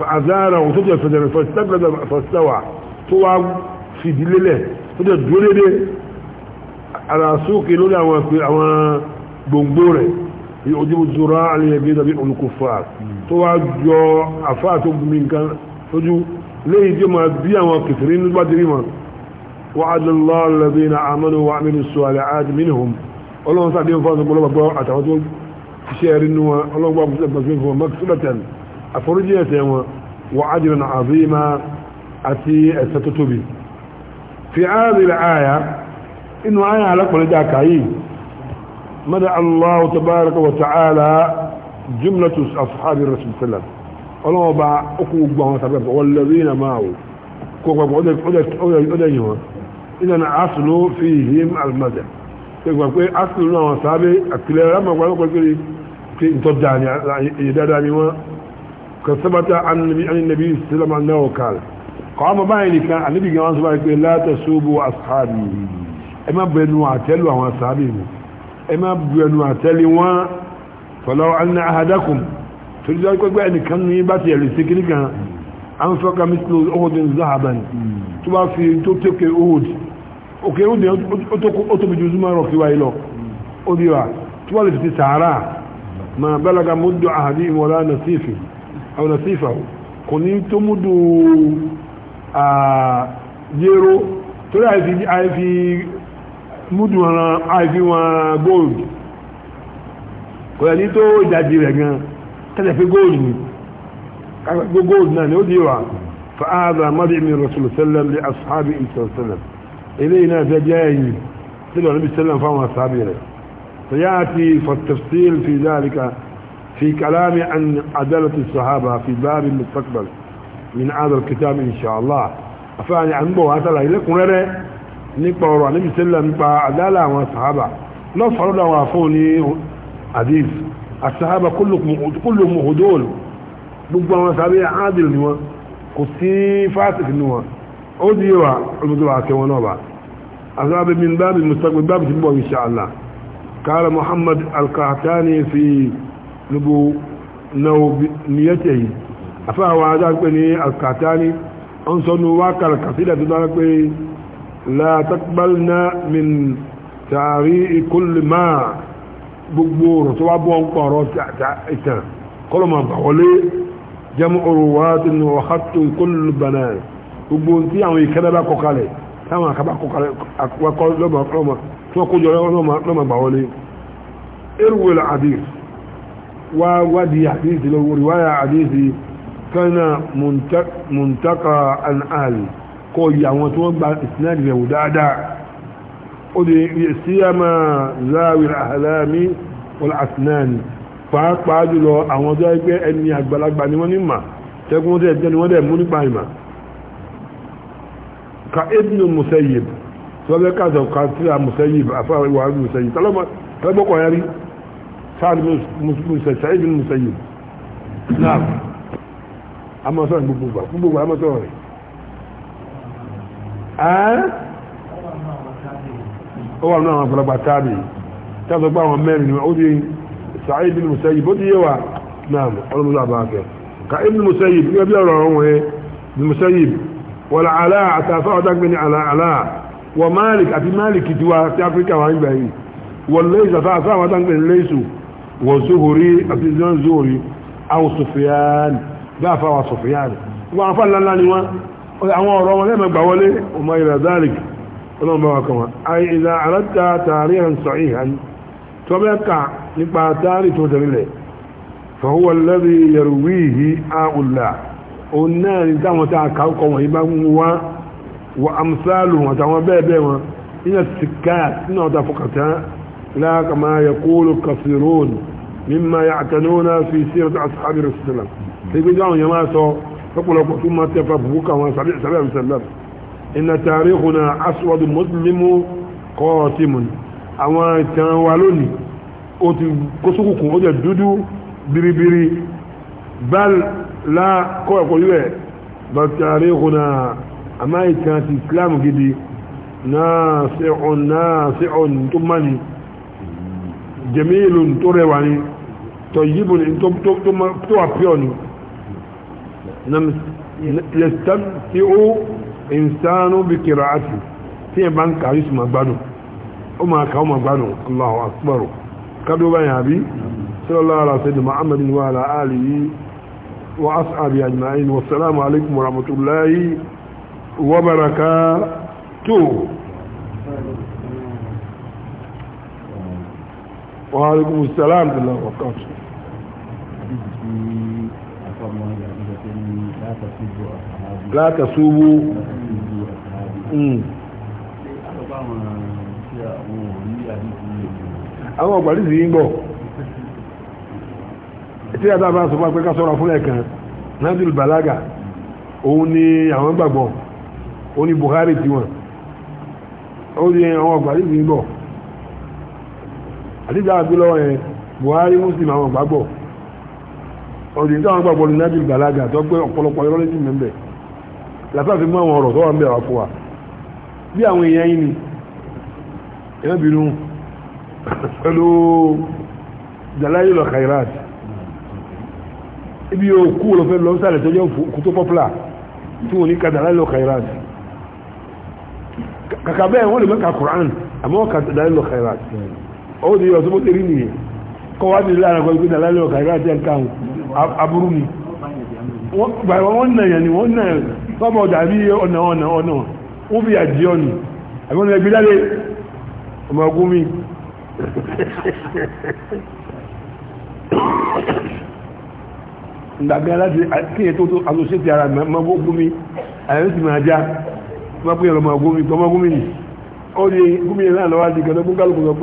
فأزاله وتجد فجر فاستقلد فاستوى طوى في دليله تجد دليله على سوق لنا وبنبوره يعجب الزراع ليبيد بيع الكفار طوى جو أفاته من كان تجو ليه جمع بيع وكفرين البدرين وعد الله الذين آمنوا وعملوا الصالحات منهم ọlọ́run sáàdé ń fásitì ọlọ́gbàgbọ́ àtàwọn tó ṣe ẹ̀rínú wọn ọlọ́gbàgbọ́ mọ́kísílẹ̀tẹ̀lẹ̀ àforíjì ẹ̀ṣẹ̀ wọn wà ájìrìn àzíma àti ẹ̀ṣẹ̀ tó tóbi fi áàrìlẹ̀ àyà inú àyà alákùnrin dáka yìí mada allahu tabaraka wa ta'ala jumlatu ashabi rasul sallam ọlọ́wọ́ bá okùn gbogbo àwọn sàbẹ̀ wallazina ma'ahu kò gbogbo ọdẹ yìí wọn ìlànà asùlù fi gbogbo pé asùlù wọ́n كثبت عن النبي عن النبي صلى الله عليه وسلم انه قال قام معي كان النبي كان سبحانه لا تسوبوا اصحابي اما بنوا اتلوا عن اصحابي اما بنوا اتلوا فلو ان احدكم ترجع كو ان كان يباتي لسكني كان انفق مثل احد ذهبا تبا في توتك احد اوكي احد اوتو بجوز ما روكي وايلو اوديوا تبا في سعرا ما بلغ مد احدهم ولا نصيفه aw nasifahu kò ní tó múdù yéró torí àìfi múdù wọn àìfi wọn gold kò yẹ ní tó ìdajì rẹ̀ gan tẹ́lẹ̀ fi gold ni gbogbo gold náà ni ó di wà fa'adha madi min rasul sallam li ashabi isa sallam eléyìí náà fẹ́ jẹ́ ẹ̀yìn sílẹ̀ nabi sallam fáwọn ashabi rẹ̀ فياتي فالتفصيل في ذلك في كلامي عن عدالة الصحابة في باب المستقبل من هذا الكتاب إن شاء الله أفعني عن بو هذا لا يكون رأي نقبل روح نبي سلم نقبل عدالة والصحابة نصر الله وعفوني حديث الصحابة كلهم كلهم هدول gbogbo àwọn sàbí àádìl ni wọn kò sí fásitì nínú wọn ó di yíwa باب àti wọn náà bá asábẹ́ min bábi mustaqbal bábi ti lubu nawo niyete yi afa àwọn aza pe ni alkatani on so nu wa kal kasida to dara pe la taqbalna min tari'i kull ma gbogbo ọ̀rọ̀ tó wá bọ́ ń pọ̀ ọ̀rọ̀ ìtàn kọlọ̀mọ̀ àbàwọlé jẹ́mú ọ̀rọ̀ wá tí ní ọ̀hátù kọlù bàná gbogbo tí àwọn ìkẹ́lẹ́ kọkalẹ̀ táwọn àkábà kọkalẹ̀ akọlọ̀mọ̀ tí wọ́n kójọ lọ́mọ̀ àbàwọlé erùwẹ̀lẹ̀ àdìs وودي حديث لو رواية حديث كان منتقى, منتقى عن أهل قوي عوان توقع إسناد له دادا ودي سيما زاوي الأهلام والأسنان فأقبع له عوان ذلك أني أقبل أقبع نوان إما تقوم ذلك جاني وده موني بايما كابن المسيب سواء كذا وكذا مسيب أفاوي وعن المسيب طالما طالما قوي سعد بن سعيد بن المسيب نعم أما صار بوبا بوبا اما صار اه هو انا ما بلا تابي تابع بقى من عودي سعيد بن المسيب ودي هو نعم قالوا لا باكر كابن المسيب يبي هو المسيب والعلاء ذاك بن على علاء ومالك ابي مالك دوا في افريقيا وين بعيد والليث تفاعدك بن الليث وزهري أبيزان زهري أو سفيان دافع وسفيان وعفا لنا نوا وعوان روان لما بولي وما إلى ذلك اللهم باركما أي إذا أردت تاريخا صحيحا تبقى نبقى تاريخ وتبليه فهو الذي يرويه آء الله قلنا نتام وتعكاوك وإمامه وأمثاله وتعبابه من السكات إنه تفقتها لا كما يقول الكثيرون مما يعتنون في سيرة أصحاب رسول الله عليه وسلم يقول لهم يا ماسو فقل لكم ثم تفبوك وسبع سبع وسلم إن تاريخنا أسود مظلم قاتم أما تنوالوني كسوككم أجا دودو بري بري بل لا قوة قوة بل تاريخنا أما كانت إسلام جدي ناسع ناسع تمني jamilun tó rẹwà ni tọ yi tó wà ni yẹ̀sán tí ó ìsánú bí kìrà àti tí ẹ bá ń akbar kádó wa sallam wa ajma'in وعليكم السلام بالله وبركاته لا تسوبوا àwọn ọ̀gbàrí sì ń bọ̀ tí a dábàá sọ fún apẹ́ ká sọ́ra fún ẹ̀kan nàdìl balaga òun ni àwọn gbàgbọ́ òun ni Buhari tiwọn ó ní àwọn ọ̀gbàrí sì ń bọ̀ àdíjà àgbélọ́ ẹ̀ buhari muslim àwọn gbàgbọ́ ọ̀dì tí àwọn gbàgbọ́ ní nábìl balaga tó gbé ọ̀pọ̀lọpọ̀ irọ́ lẹ́sìn mẹ́mbẹ̀ làtà fi mú àwọn ọ̀rọ̀ tó wà ń bẹ̀ wá fún wa bí àwọn èèyàn yìí ni ẹ̀rọ bínú pẹ̀lú jalayi lọ khairat ibi òkú lọ fẹ́ lọ sálẹ̀ tó jẹ́ kútó pọ́pùlà tí wọ́n ní ka jalayi lọ khairat kàkà bẹ́ẹ̀ wọ́n lè mẹ́ka Qur'an àmọ́ ka jalayi lọ khairat ó ní ọ̀sọ́ bó ti rí nìyẹn kọ́ wá ní lára gbọ́dọ̀ gbọ́dọ̀ lálẹ́ ọ̀kà ìrà àti ẹ̀ka aburú ni wọ́n nàyàn ni wọ́n nàyàn tọ́mọ ọ̀dà bí ọ̀nà ọ̀nà ọ̀nà ó fi àjí ọ̀nì àbí wọn lè gbé jáde ọmọ ogun mi ìgbàgbé aláti kíyẹ tó tó asosiyeti ara mọ́gbógúnmi àyẹ̀wò sì máa já ni ó ní gómìnà náà lọ́wọ́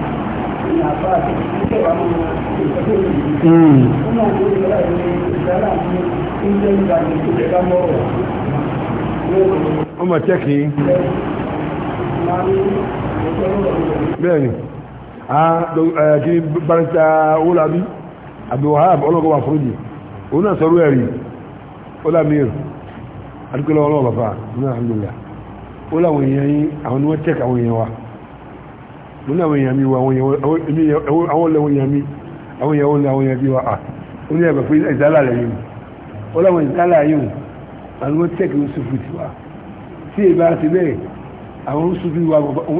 Hmm. ọmọ tẹ́kì bẹ́ẹ̀ni kí barista wúlábí àbíwáhab ọlọ́gọ́wà fúrújì òun náà sọ̀rọ̀ ẹ̀rí ọlámir adúgbẹ́lọ́wọ́lọ́wọ́ bàbá ní alhamdulillah ó èèyàn yí àwọn tẹ́kì àwọn èèyàn wa mo ní àwọn èèyàn mi wa àwọn lẹ́wọ̀n èèyàn mi àwọn èèyàn olè àwọn èèyàn bí wa à ó ní ẹ̀bẹ̀ pé ìdálà lẹ́yìn ó láwọn ìdálà yìí àwọn tẹ́kì ń sùfù tí wa tí èbá ti bẹ́ẹ̀ àwọn ń sùfù wa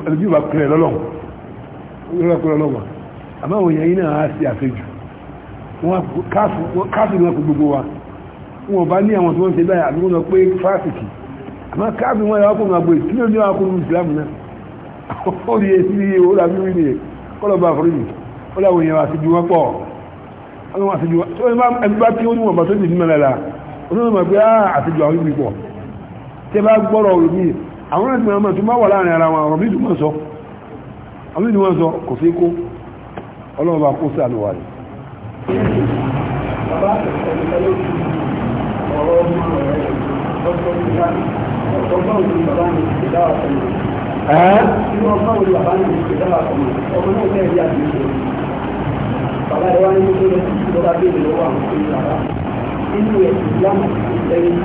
ẹbí wa kúrẹ̀ lọ́lọ́wọ́ àmọ́ àwọn èèyàn yìí náà á sí àfẹ́jù káàfù ní wọn kò gbogbo wa wọn bá ní àwọn tí wọ́n ń ṣe báyà àbí wọ́n lọ pé fásitì àmọ́ káàfù wọn yà wá kó wọn àgbò ìtúlẹ̀ ó rí èsì rí owó làbí wí ni kọ́lọ̀ bá fún mi ó láwọn èèyàn àti ju wọn pọ̀ àwọn àti ju wọn tó ẹni bá tí ó ní wọn bá tó ti nímọ̀ lára ó ní wọn mọ̀ pé á àti ju àwọn ibi pọ̀ tí ẹ bá gbọ́rọ̀ òrùn mi àwọn náà ti máa máa tún bá wà láàrin ara wọn ọ̀rọ̀ mi dùn mọ́ sọ rẹ̀ bàbá ẹ̀ka ló fi ọ̀rọ̀ ọmọ Inú ẹ̀sìn ìyáàmù ìlẹ́yìn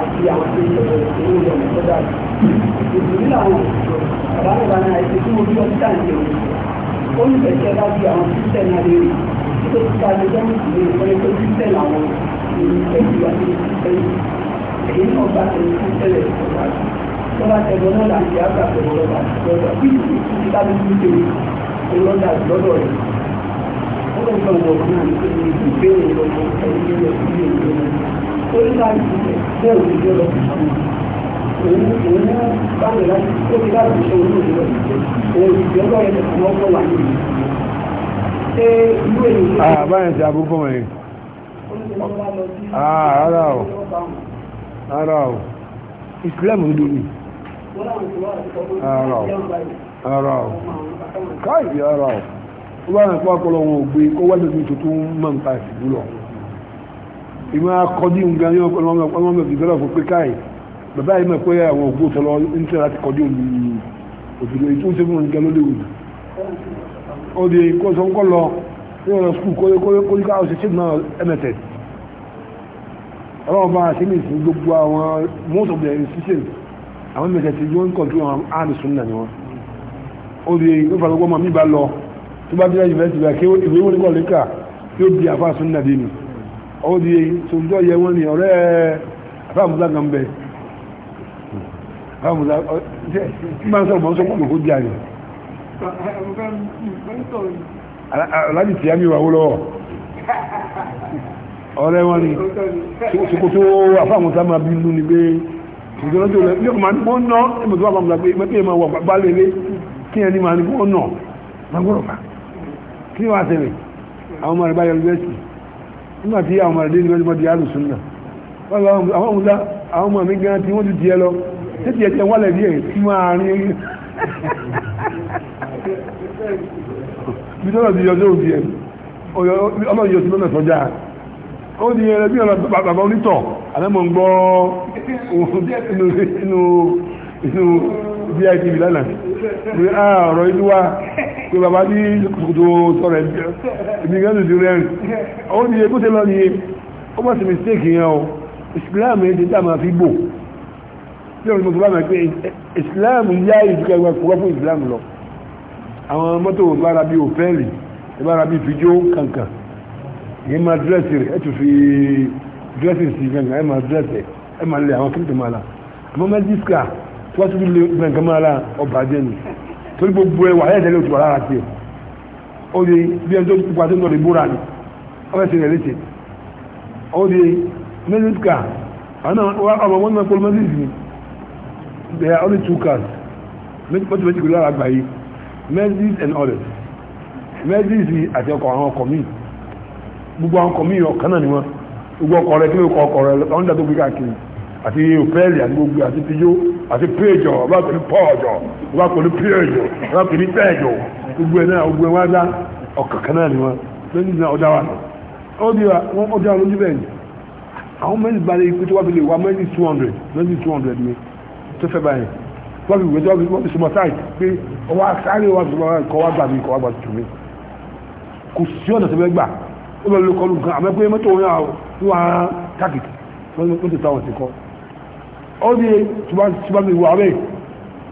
àti àwọn tí ìṣẹ̀lẹ̀ ìṣòro ìyọ̀mọ̀ tó dáa. Ìṣòro láwọn àbámọ̀bá náà ẹ̀sìn tí mo bí ọdún táǹkì òun. Ó ní bẹ̀ṣẹ̀ bá bí àwọn kírísítẹ̀ náà lè rí. Títí tí ká lè jẹ́mú ìlú ìfọ́lẹ́ tó kírísítẹ̀ làwọn ìṣẹ̀lẹ̀ àti kírísítẹ̀. Èyí náà bá ẹni kírísítẹ̀ lẹ̀ wọ́n bá tẹ̀gbọ́n náà láti àgbà pẹ̀lú ọba lọ́dọ̀ kí ìlú ti ká lójú ṣe ìlọ́dà lọ́dọ̀ rẹ̀ ó lè sọ ọ̀rọ̀ fún mi pé mi kì í béèrè lọ́wọ́ ẹni tó lọ sí ilé ìlú mi ó ní láti ṣe bẹ́ẹ̀ òun ló lọ sí ọmọ òun òun ní báwo láti ó ti láti ṣe òun lòdì lọ sí òun ìgbẹ́ ọgbà yẹn tẹ̀sán wọn fọ́ wà ní ìlú ṣé irú èyí. àbáyọ̀ ti àbúkọ̀ wọ̀nyí. rárá o rárá o Islam ló ní ẹ̀rọ ẹ̀rọ káyì ẹ̀rọ ó bá rìn fún ọpọlọ wọn ò gbé kó wá lóbi tuntun mọ̀ nípa ìsìnkú lọ ìmọ̀ akọjú nǹkan ní ọpọlọ wọn mọ̀ ìgbẹ́lọ̀ fún pé káyì bàbá yìí mọ̀ pé àwọn ògbó tọ́lọ ń tẹ́ láti kọjú òdìdó ètò ìṣe fún nǹkan lóde òdì òdì kó sọ ń kọ́ lọ ní ọ̀rọ̀ skul kó kó kó ká ọ̀sẹ̀ ṣe náà ẹ̀mẹ̀tẹ̀ ọlọ́run bá a ṣe ní ìsìn gbogbo àwọn most of the institutions àwọn mẹ́ta ti yóò ń kọ̀ntú àwọn àrùn súnnà ni wọ́n ó di ló fà gbogbo ọmọ mi bá lọ tó bá bílẹ̀ yunifásitì bá kí ìwé wọn kọ̀ léka yóò di àfa súnnà bí mi ó di sojọ́ yẹ wọ́n ni ọ̀rẹ́ àfa àmúdá kan bẹ̀ àfa àmúdá ṣe máa ń sọ̀rọ̀ mọ́ sọ́kùn kò di àyè. aláàjì tìyà mi wà wó lọ́wọ́ ọ̀rẹ́ wọn ni sokoto àfa àmúdá máa bí lú ni pé ìjọlọ́jọ́ rẹ̀ yóò máa ní kó ná ẹ̀mọ̀tí wà bá mọ̀lá pé mẹ́tẹ́ máa wà bá lélé kí ẹni máa ní kó ná lágbọ́rọ̀ bá kí wàá tẹ̀lé àwọn ọmọ rẹ̀ bá yọ yunifásitì nígbà tí àwọn ọmọ rẹ̀ dé yunifásitì wọ́n di alùsùn náà àwọn ọmọdé àwọn ọmọ mi gan tí wọ́n ti tiẹ̀ lọ títí ẹ̀ tiẹ̀ wálẹ̀ díẹ̀ tí máa rí bí tọ́lọ̀ ti yọ sí òbí ẹ̀ ọmọ yọ sí lọ́nà sọ́jà ó ní ẹrẹ bí ọ̀nà bàbá onítọ̀ àlẹ́mọ̀ ń gbọ́ inú vip lánàá pé á ah, ọ̀rọ̀ inú wa pé bàbá ní kòtò sọ̀rọ̀ ẹ̀mí gẹ́gẹ́ lòdì rẹ̀ ó ní ẹgbẹ́ tẹ́lọ ni ó bá sì mistake yẹn o Islam ẹ̀ ti dáàmà fi gbò tí ọ̀rọ̀ mọ̀tò bá mẹ́ pé Islam yá ìdúkẹ́ ẹgbẹ́ kọ́kọ́ fún Islam lọ àwọn mọ́tò ìbára bíi òfẹ́ẹ̀lì ìbára bíi fíjó kankan yìí máa dírẹ́sì rẹ̀ ẹ̀tù fi dírẹ́sì sí gbẹ̀ngàn ẹ̀ máa dírẹ́sì ẹ̀ máa lé àwọn kíríkì máa la àmọ́ mẹ́jísíkà tí wọ́n ti fi lé gbẹ̀ngàn máa la ọba jẹ́ ni torí gbogbo ẹ̀ wà ẹ̀ẹ́dẹ́lẹ́ òtù wàrà àti ẹ̀ ó di bí ẹni tó ti pa tó ń lọ ìbúra ni ọbẹ̀ sí rẹ̀ léṣe ó di mẹ́jísíkà ọmọ wọn máa polo mẹ́jísì ni they are only two cars mọ́tò méjì kò lára àgbáyé mẹ́jísì and others mẹ́jísì àti ọkọ̀ àwọn ọkọ̀ míì gbogbo àwọn kọ̀mí ọ̀kan náà ni wọ́n gbogbo ọkọ̀ rẹ̀ kí ló kọ ọkọ̀ rẹ̀ lọ́wọ́n dà tó gbé káàkiri àti òpẹ́ẹ̀lì àti gbogbo àti pijó àti péjọ ọba pẹ̀lú pọ́ọ̀jọ ọba pẹ̀lú péjọ ọba pẹ̀lú pẹ́ẹ̀jọ gbogbo ẹ̀ náà gbogbo ẹ̀ wá dá ọkọ̀ kan ni wọ́n lórí ìdíná ọjà wa nù ó di wa wọ́n ọjà wa lójú bẹ́ẹ̀ ni àwọn mẹ́rin balẹ̀ ikú tó wá fi lè wá mẹ́rin two hundred mẹ́rin two hundred ni tó fẹ́ báyìí wọ́n fi wẹ́tọ́ wọ́n fi sọmọ sáì pé ọwọ́ sáré wọ́n fi sọmọ kọ́ wá gbà mí kò sí ọ̀nà tó fẹ́ gbà ó lọ lókọ lù kan àmọ́ pé mọ́tò wọn yà wà káàkiri wọ́n ti táwọn ti kọ́ ó ní ṣùgbọ́n mi wà rẹ̀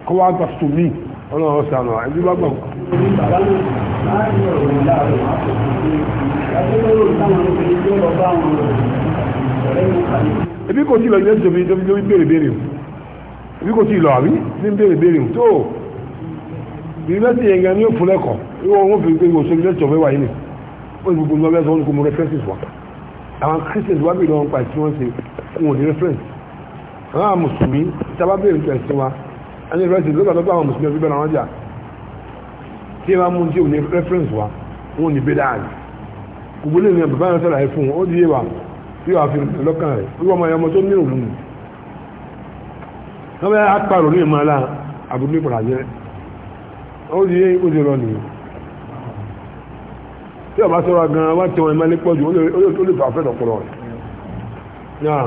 kọ́ wá gbà tó mí ọlọ́run sànà ẹbí bá gbà ebi kò tí lọ ilé ìjọba ìjọba ìjọba ìbéèrè béèrè o ebi kò tí lọ àbí ní béèrè béèrè o tó yunifásitì yẹn gan ni ó fún lẹ́kọ̀ọ́ ìwọ wọn fi gbé ìwòsàn ilé ìjọba ìwà yìí nìkan gbogbo ní ọgbẹ́sọ̀ ní kò mú references wá àwọn christians wá bí lọ́wọ́ pa tí wọ́n ṣe fún òní reference àwọn mùsùlùmí tábà bèèrè tó ẹ̀sìn wa ẹni reference lọ́gbà tó bá àwọn mùsùlùmí ọdún bẹ́ẹ̀ náà jà tí ẹ bá mú tí òní reference wa wọn ò ní bẹ́ẹ̀ dáàlì gbogbo lè ní bàbá yẹn sọ̀rọ̀ àìfún ó di yéwà yóò àfihàn lọ́kàn rẹ̀ wíwọ́n ọmọ ẹ̀yọmọ tó ní òun nù wọ́n bẹ́ẹ̀ apá rò ní ìmọ̀ tí ọba sọ́ra gan wá tí wọ́n mẹ́lẹ́ pọ̀jù ó lè fà fẹ́ lọ́pọ̀lọ́ rẹ̀ náà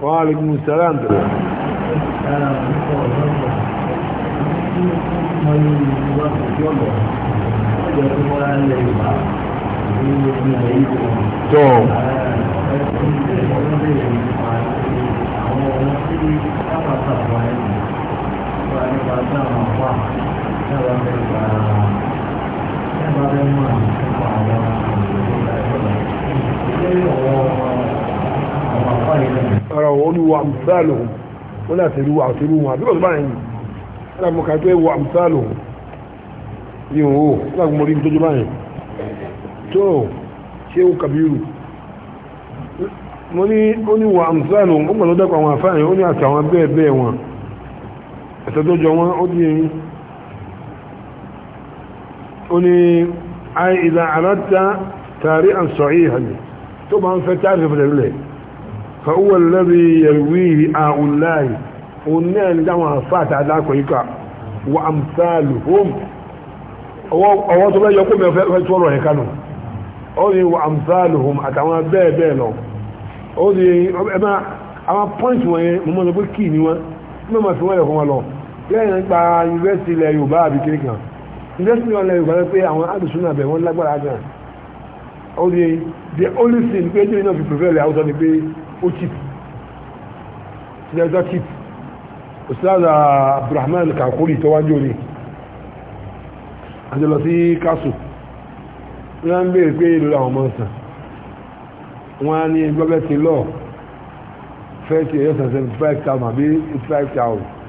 wọ́n á lè gún sẹ́rà ń tẹ̀lé. tó Thank you ọ̀rọ̀ olúwa àmìsáàlùhùn wọ́n láti rú àtìrú wọn àbíkọ̀ tó bá yìí alámọ́ka tó ẹwọ àmìsáàlùhùn ní òun lágbọ́mọ́rí tó jọba yìí tó ṣe ó kàbírù wọ́n ní oníwà àmìsáàlùhùn ó gbọ́dọ̀ dẹ́kọ̀ àwọn àfáàyàn ó ní àtàwọn bẹ́ẹ̀ bẹ́ẹ̀ wọn ẹ̀sẹ̀ tó jọ wọn ó dín oni ay idha aradta tari fa dalile fa huwa alladhi yarwihi a'ullahi onna da ko yika wa amsaluhum owo tó bá yo ko me fẹ́ tó ro he wa amsaluhum àtàwọn bẹ́ẹ̀ bẹ́ẹ̀ lọ ó ní ẹ ma ma ìrẹsìn ọ̀nà yorùbá lọ pé àwọn àdùsùn àbẹ̀ wọn lágbára gan ó lè the only thing pé ẹjọ́ iná fi prevail àwùjọ ni pé ó chip ilé ẹjọ́ chip ustaz abdulrahman kakuri tó wájú ni àjọlọ sí kásù wọ́n á ń béèrè pé ìlú àwọn ọmọ ọ̀sán wọ́n á ní gbọ́bẹ́ ti lọ́ọ̀ fẹ́ẹ̀tì ẹ̀yọ́sàn seventy five thousand àbí eighty five thousand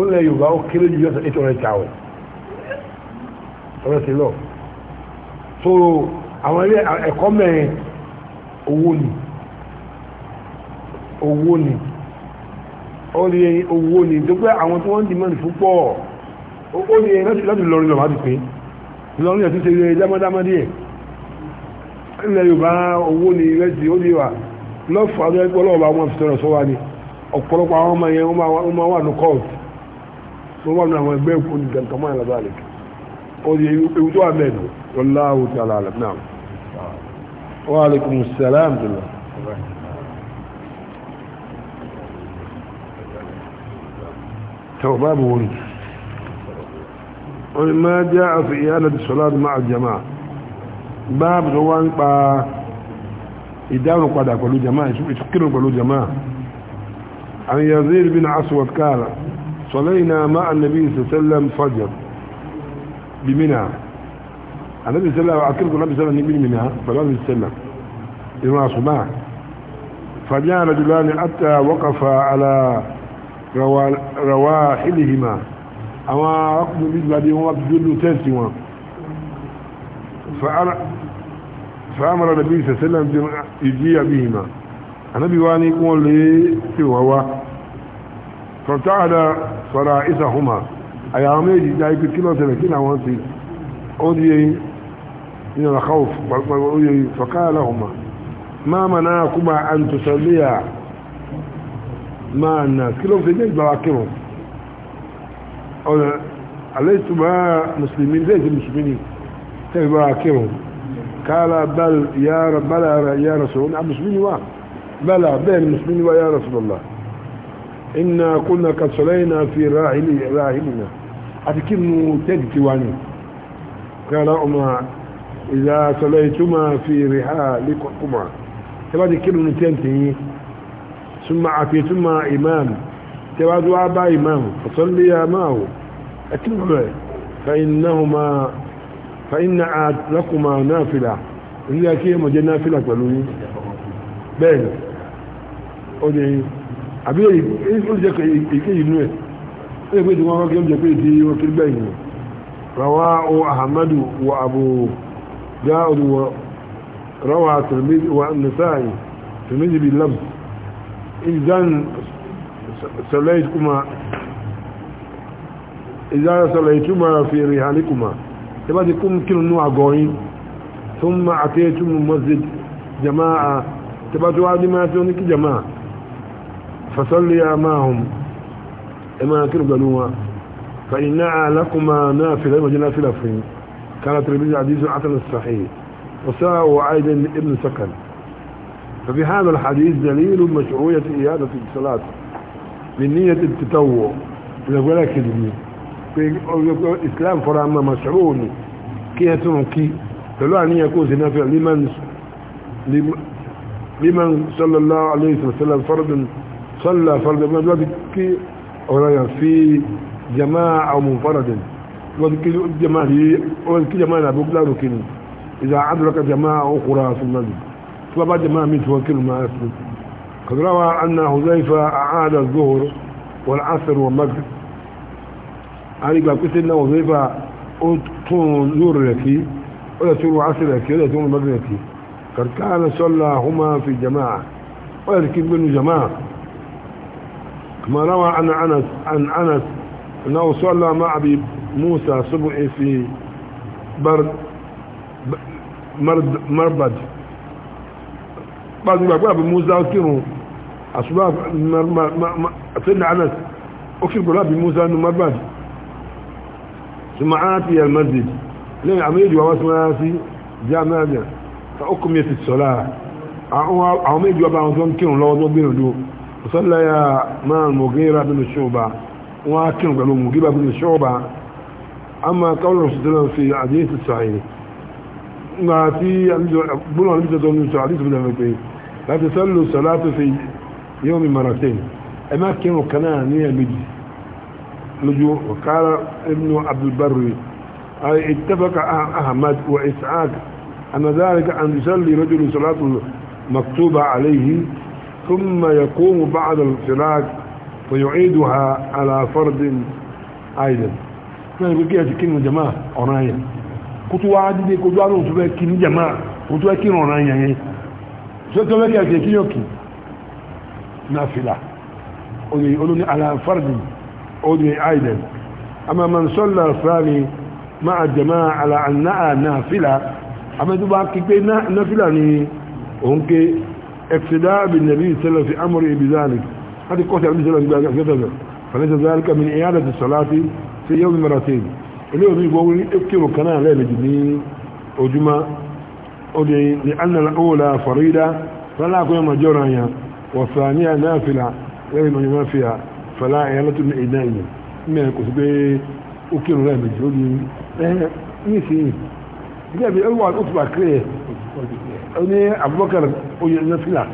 ó lẹ yorùbá ó kéré ju yọ̀sán eight hundred thousand ọ̀rẹ́ sí lọ so àwọn ilé ẹ̀kọ́ mẹ́rin owó ni owó ni ó lè owó ni tó pé àwọn tí wọ́n ń dìmọ̀ púpọ̀ ó lè láti lọrin lọ́wọ́ àti pé lọrin ẹ̀ tó ṣe dámadáma díẹ̀ ilẹ̀ yorùbá owó ni rẹ́sì ó lè wà lọ́fà ọdún ẹgbẹ́ ọlọ́ọ̀bá wọn fi sọ̀rọ̀ sọ́wọ́ ni ọ̀pọ̀lọpọ̀ àwọn ọmọ yẹn wọ́n máa wà ní kọ́ọ̀tù wọ́n wà ní àwọn ẹgbẹ́ ìkó ní gàǹtàmọ́ àlàbà rẹ̀ ó di ewu tó wà mẹ́nu wallahu ta'ala alam náà wa alaikum salam dùnà. tọ́ báàbù wọn wọ́n ni máa jẹ́ àfi ìyálẹ̀ sọ́láàdù máa jama báàbù tó wá ń pa ìdáhùn padà pẹ̀lú jama ìsúkìrò pẹ̀lú jama an Yazid bin Aswad kala صلينا مع النبي صلى الله عليه وسلم فجر بمنى النبي صلى الله عليه وسلم اكلكم النبي صلى الله عليه وسلم منى صلى الله عليه وسلم إنه صباح فجاء رجلان حتى وقف على رواحلهما أما رقم بالنسبة هو بجل تنسوا فأر... فأمر النبي صلى الله عليه وسلم يجيء بهما النبي واني يقول لي في هو فارتعد من الخوف فقال لهما ما مناكما أن تسليا مع الناس كلهم في أليستما مسلمين المسلمين قال بل يا رب بلى يا رسول الله مسلمين بلى بين المسلمين ويا رسول الله إنا كنا قد صلينا في راحلنا أتكلم تدتواني قال أما إذا صليتما في رحالكما تبادي كلمة تنتهي ثم عفيتما إمام تبادوا أبا إمام فصليا معه أتكلم فإنهما فإن عاد لكما نافلة إلا كيما جنافلة ولوني بين أدعي àbí olùjẹ́ èké inú ẹ̀ ó yẹ pé tí wọ́n wá kéwọ́n jẹ́ pé tí wọ́n kiri gbẹ̀yìn wọn rawa o ahmadu wa abu jaud wa rawa tirmidhi wa nasa'i tirmidhi bi lab idan salaykuma idan salaykuma fi rihalikuma tẹ́bá ti kún kírun ní àgọ́yìn thumma ataytum masjid jama'a tẹ́bá tó wá ní máa tí ó ní kí jama'a فصليا معهم إما كانوا قالوا فإنها لكما نافلة وجنا فين لفين كانت ربيع عزيز حسن الصحيح وساو عيد ابن سكن ففي هذا الحديث دليل مشروعية إيادة الصلاة من نية التتوع يقول لك الإسلام فرما مشروع كي كي فلو أن يكون نافع لمن لمن صلى الله عليه وسلم فرض صلى فرد من الوقت كي أولا في جماعة أو منفرد وذكي جماعة وذكي جماعة أبوك لا ركن إذا أدرك جماعة أخرى في المسجد فما جماعة من توكل ما أسلم قد روى أن حذيفة أعاد الظهر والعصر والمغرب أنا قال كنت أن حذيفة أتون زور لك ولا تون عصر لك ولا تون المغرب لك قد كان صلى هما في جماعة ولا تكون جماعة ما روى عن أنس عن أنس أنه صلى مع أبي موسى صبح في برد مرد مربد بعد ما قال أبي موسى أذكره أصباب سيدنا أنس أذكر أبي موسى أنه مربد ثم آتي المسجد لأن عميد وواس مناسي جاء ماذا فأكمية الصلاة عميد وابا عميد وابا عميد وابا عميد وصلى يا ما المغيرة بن الشعبة وكان قالوا مغيرة بن الشعبة أما قول الرسول في حديث الصحيح ما في بلغ نبتة من حديث بن المكين لا تصلوا الصلاة في يوم مرتين أما كانوا كنانية مجي لجو وقال ابن عبد البر أي اتفق أحمد وإسعاق أن ذلك أن يصلي رجل صلاة مكتوبة عليه ثم يقوم بعد الانفراد ويعيدها على فرد أيضا náà gbé kíyàsí kí ní jama ọ̀ràn ayẹ̀ kó tó wá dídé kó tó wá lóòtú fẹ́ kí ní jama kó tó wá kí ní ọ̀ràn ayẹ̀ yẹn tó tó fẹ́ kíyàsí kí yóò kì náà fìlà olùyìn olóní aláfáàdì olùyìn àìdẹ̀ àmà mà ń sọ́lá sáàlì máa jama àlà náà náà fìlà àmà tó bá kí pé náà fìlà ni òun ké اقتداء بالنبي صلى الله عليه وسلم في امره بذلك هذه قوة النبي صلى الله عليه وسلم فليس ذلك من إعادة الصلاة في يوم مرتين اليوم يقول اكتبوا كنا ليلة جنين وجمع لأن الأولى فريدة فلا كنا مجرعيا والثانية نافلة ليلة ما فيها فلا إعادة من ايدين ما يقول okinu lẹ́ẹ̀mí tí ó ní nísìnyí gẹ́gẹ́ bí ẹwà ọ̀tún bá ó yẹ náfìlà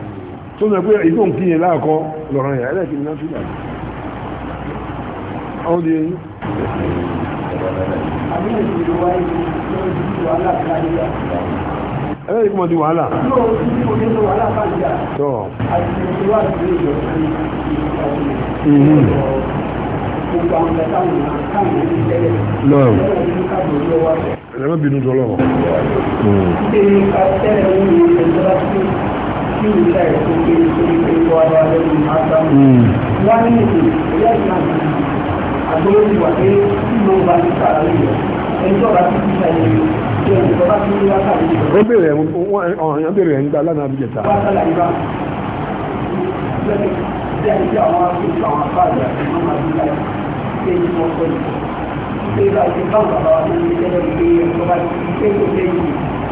tó mẹ́ pé ìgbó ń kíyàn láàkọ́ lọ́rọ̀ yà ẹlẹ́kì náfìlà ọ́n di eyín ẹlẹ́yìn kí wọ́n di wàhálà tó lọ́wọ́ ẹ̀rọ bínú tó lọ́wọ́ sí ìlà ètò kiri kiri kiri wà wà lẹ́nu àtà wọn ní ètò ìyá ìyá àgbélé ti wà pé kí ló bá ti kà lórí rẹ ẹjọ́ bá ti kíkà yẹn ṣe ìjọba ti ní wákàtí. ó béèrè ọ̀hún yẹn béèrè ẹ̀ ń gba lánàá àbújẹta. wọ́n á sálà ìbá bí ẹni tí àwọn akéwì àwọn afáàlì àti mọ́mọ́ àdúgbò ṣe ń mọ́ pẹ̀lú. ṣé ìbá ti bá bàbá wa ní ilé ẹgbẹ́ ìgbé ẹ̀kọ́ bá ti ṣe é tó lé yìí.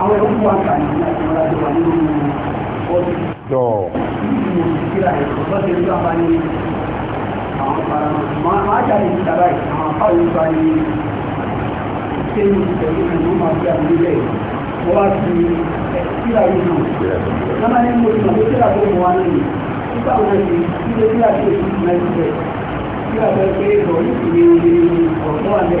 àwọn ẹ̀rọ fún wa kà ní láti wọ́n láti wà nínú ọdún. Tọ́. Ìlú ìsìkíra ẹ̀kọ́ tó ṣe ń gbà bá ní àwọn paramọ̀. Máa jáde ní ìdára ẹ̀ àwọn apá òun bá ní ìṣẹ́yìn ìṣẹ̀lú ìlú máa fi àmì ilẹ̀ wọ́n wá sí ìsìkíra yìí náà. Lọ́mọ ní mo ti mọ̀ pé kíra tó mọ̀ wá lónìí. Nígbà wo ni ilé kíra tó ti mọ̀ ẹ́ síbẹ̀? Kíra tó ṣe é lọ ní ìrìn ọ̀tọ́ àlẹ́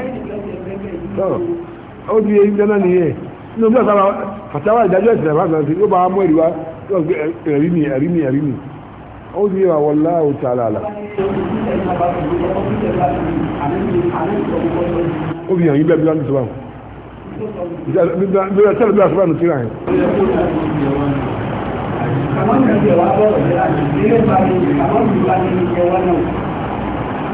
ó di eyín dáná nìyẹn nínú bí ọ̀sára fàtàwà ìdájọ́ ìsìlẹ̀ fún àgbàǹsì yóò bá mú ẹ̀rí wá ẹ̀rí mi ẹ̀rí mi ẹ̀rí mi ó di ìwà wọlá òtà àlàlà. ó fi hàn yín bẹ́ẹ̀ bí wọ́n ti sọ bí wọ́n tẹ́lẹ̀ bí wọ́n sọ ti rà yín àwọn ìgbìyànjú àwọn ọ̀rọ̀ bá mi àwọn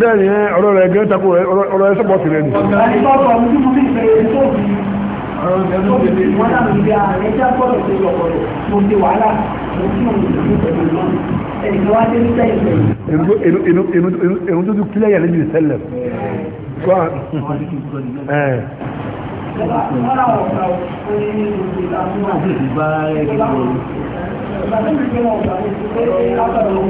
bẹ́ẹ̀ ni ọ̀rọ̀ rẹ̀ gẹ́gẹ́ tako ọ̀rọ̀ ẹsẹ̀ bọ́ọ̀sì rẹ̀ ni. Èrò tó tún kílẹ̀ yà lẹ́yìn ìṣẹ̀lẹ̀. Wọ́n á.